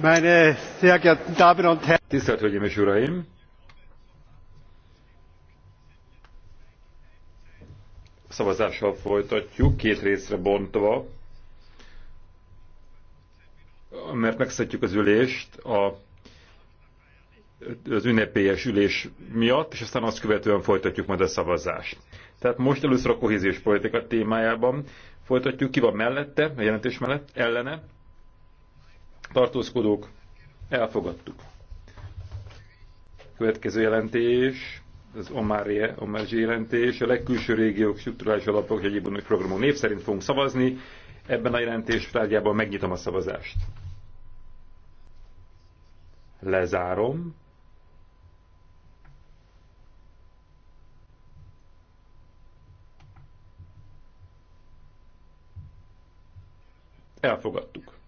Meine sehr geehrten Damen und Herren! Tisztelt Hölgyeim és Uraim! Szavazással folytatjuk, két részre bontva, mert megszedjük az ülést a, az ünnepélyes ülés miatt, és aztán azt követően folytatjuk majd a szavazást. Tehát most először a kohéziós politika témájában folytatjuk, ki van mellette, a jelentés mellett, ellene, tartózkodók, elfogadtuk. Következő jelentés, az Omárie, Omárzsi jelentés, a legkülső régiók struktúrális alapok egyébként egyéb programon név szerint fogunk szavazni. Ebben a jelentés tárgyában megnyitom a szavazást. Lezárom. Elfogadtuk.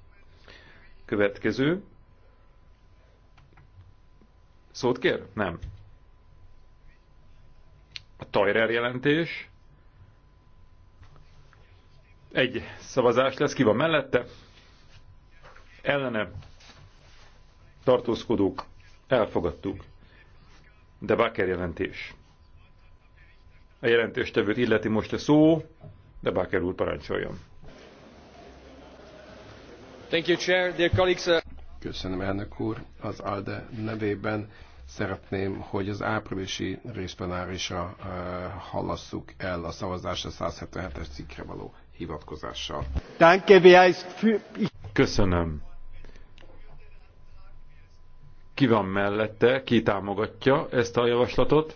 Következő. Szót kér? Nem. A Tajrer jelentés. Egy szavazás lesz, ki van mellette. Ellene tartózkodók elfogadtuk. De Baker jelentés. A jelentéstevőt illeti most a szó, de Baker úr parancsoljon. Uh, Köszönöm, elnök úr. Az ALDE nevében szeretném, hogy az áprilisi részplenárisra uh, hallasszuk el a szavazásra 177-es cikkre való hivatkozással. Köszönöm. Ki van mellette, ki támogatja ezt a javaslatot?